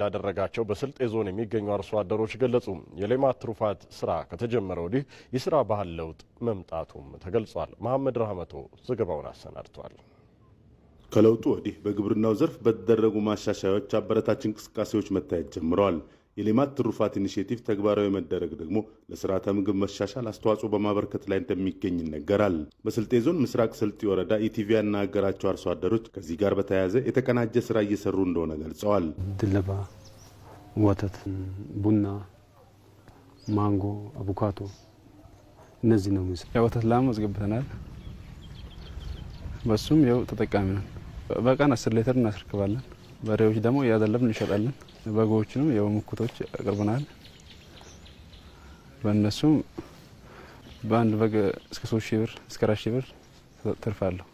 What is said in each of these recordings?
እንዳደረጋቸው በስልጤ ዞን የሚገኙ አርሶ አደሮች ገለጹ። የሌማት ትሩፋት ስራ ከተጀመረ ወዲህ የስራ ባህል ለውጥ መምጣቱም ተገልጿል። መሐመድ ራህመቶ ዘገባውን አሰናድቷል። ከለውጡ ወዲህ በግብርናው ዘርፍ በተደረጉ ማሻሻያዎች አበረታች እንቅስቃሴዎች መታየት ጀምረዋል። የሌማት ትሩፋት ኢኒሽቲቭ ተግባራዊ መደረግ ደግሞ ለስርዓተ ምግብ መሻሻል አስተዋጽኦ በማበርከት ላይ እንደሚገኝ ይነገራል። በስልጤ ዞን ምስራቅ ስልጤ ወረዳ ኢቲቪ ያናገራቸው አርሶ አደሮች ከዚህ ጋር በተያያዘ የተቀናጀ ስራ እየሰሩ እንደሆነ ገልጸዋል። ድለባ፣ ወተት፣ ቡና፣ ማንጎ፣ አቮካቶ እነዚህ ነው። የወተት ላም አስገብተናል። በሱም ያው ተጠቃሚ ነን። በቀን አስር ሌተር እናስርክባለን። በሬዎች ደግሞ እያዘለብን እንሸጣለን። በጎዎችንም ያው ምኩቶች በእነሱም በአንድ በግ እስከ ሶስት ሺህ ብር እስከ አራት ሺህ ብር ትርፋለሁ።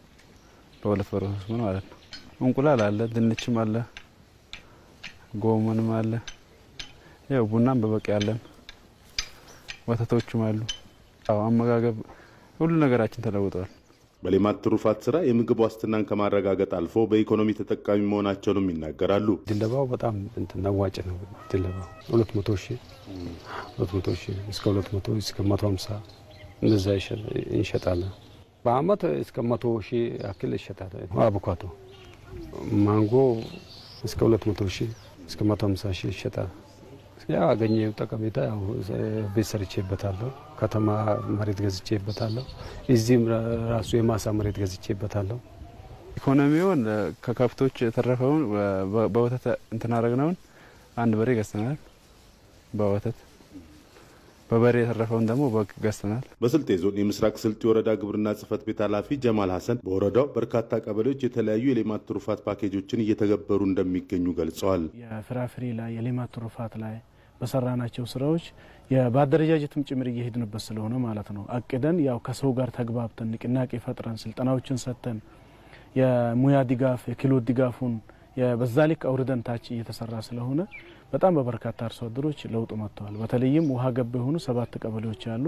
በሁለት በሬ ሶስት ምን ማለት ነው። እንቁላል አለ፣ ድንችም አለ፣ ጎመንም አለ፣ ያው ቡናም በበቂ አለን፣ ወተቶችም አሉ። አመጋገብ ሁሉ ነገራችን ተለውጠዋል። በሌማት ትሩፋት ስራ የምግብ ዋስትናን ከማረጋገጥ አልፎ በኢኮኖሚ ተጠቃሚ መሆናቸውንም ይናገራሉ። ድለባው በጣም አዋጭ ነው። ድለባው ሁለት መቶ ሺህ ሁለት መቶ ሺህ እስከ ሁለት መቶ እስከ መቶ ሀምሳ እንደዛ እንሸጣለን። በአመት እስከ መቶ ሺህ ያክል ይሸጣል። አቡካቶ ማንጎ እስከ ሁለት መቶ ሺህ እስከ መቶ ሀምሳ ሺህ ይሸጣል። ያ አገኘ ጠቀሜታ ቤት ሰርቼበታለሁ። ከተማ መሬት ገዝቼበታለሁ። እዚህም ራሱ የማሳ መሬት ገዝቼበታለሁ። ኢኮኖሚውን ከከብቶች የተረፈውን በወተት እንትን ነውን አንድ በሬ ገዝተናል በወተት በበሬ የተረፈውን ደግሞ በግ ገዝተናል። በስልጤ ዞን የምስራቅ ስልጤ ወረዳ ግብርና ጽህፈት ቤት ኃላፊ ጀማል ሀሰን በወረዳው በርካታ ቀበሌዎች የተለያዩ የሌማት ትሩፋት ፓኬጆችን እየተገበሩ እንደሚገኙ ገልጸዋል። የፍራፍሬ ላይ የሌማት ትሩፋት ላይ በሰራናቸው ስራዎች በአደረጃጀትም ጭምር እየሄድንበት ስለሆነ ማለት ነው አቅደን ያው ከሰው ጋር ተግባብተን ንቅናቄ ፈጥረን ስልጠናዎችን ሰጥተን የሙያ ድጋፍ የክህሎት ድጋፉን በዛ ልክ አውርደን ታች እየተሰራ ስለሆነ በጣም በበርካታ አርሶ አደሮች ለውጥ መጥተዋል። በተለይም ውሃ ገብ የሆኑ ሰባት ቀበሌዎች አሉ።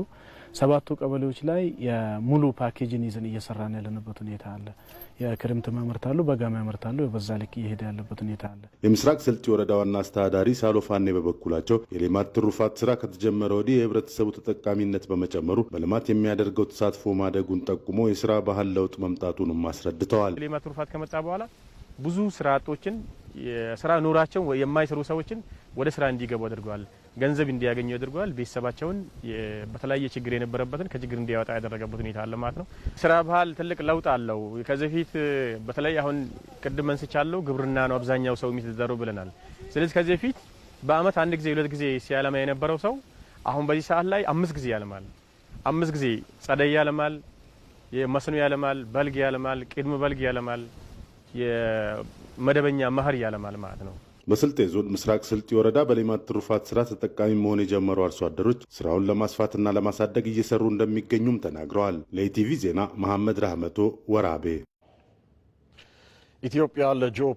ሰባቱ ቀበሌዎች ላይ የሙሉ ፓኬጅን ይዘን እየሰራን ያለንበት ሁኔታ አለ። የክርምት ያመርታሉ፣ በጋ ያመርታሉ። በዛ ልክ እየሄደ ያለበት ሁኔታ አለ። የምስራቅ ስልጤ ወረዳ ዋና አስተዳዳሪ ሳሎፋኔ በበኩላቸው የሌማት ትሩፋት ስራ ከተጀመረ ወዲህ የህብረተሰቡ ተጠቃሚነት በመጨመሩ በልማት የሚያደርገው ተሳትፎ ማደጉን ጠቁሞ የስራ ባህል ለውጥ መምጣቱንም አስረድተዋል። የሌማት ትሩፋት ከመጣ በኋላ ብዙ ስራ አጦችን ስራ የማይሰሩ ሰዎችን ወደ ስራ እንዲገቡ አድርገዋል። ገንዘብ እንዲያገኙ አድርገዋል። ቤተሰባቸውን በተለያየ ችግር የነበረበትን ከችግር እንዲያወጣ ያደረገበት ሁኔታ አለ ማለት ነው። ስራ ባህል ትልቅ ለውጥ አለው። ከዚህ ፊት በተለይ አሁን ቅድም መንስቻለሁ፣ ግብርና ነው አብዛኛው ሰው የሚተዳደረው ብለናል። ስለዚህ ከዚህ ፊት በአመት አንድ ጊዜ ሁለት ጊዜ ሲያለማ የነበረው ሰው አሁን በዚህ ሰዓት ላይ አምስት ጊዜ ያለማል። አምስት ጊዜ ጸደይ ያለማል፣ መስኖ ያለማል፣ በልግ ያለማል፣ ቅድመ በልግ ያለማል። የመደበኛ መኸር ያለማል ማለት ነው። በስልጤ ዞን ምስራቅ ስልጥ ወረዳ በሌማት ትሩፋት ስራ ተጠቃሚ መሆን የጀመሩ አርሶ አደሮች ስራውን ለማስፋትና ለማሳደግ እየሰሩ እንደሚገኙም ተናግረዋል። ለኢቲቪ ዜና መሐመድ ራህመቶ ወራቤ ኢትዮጵያ ለጂኦ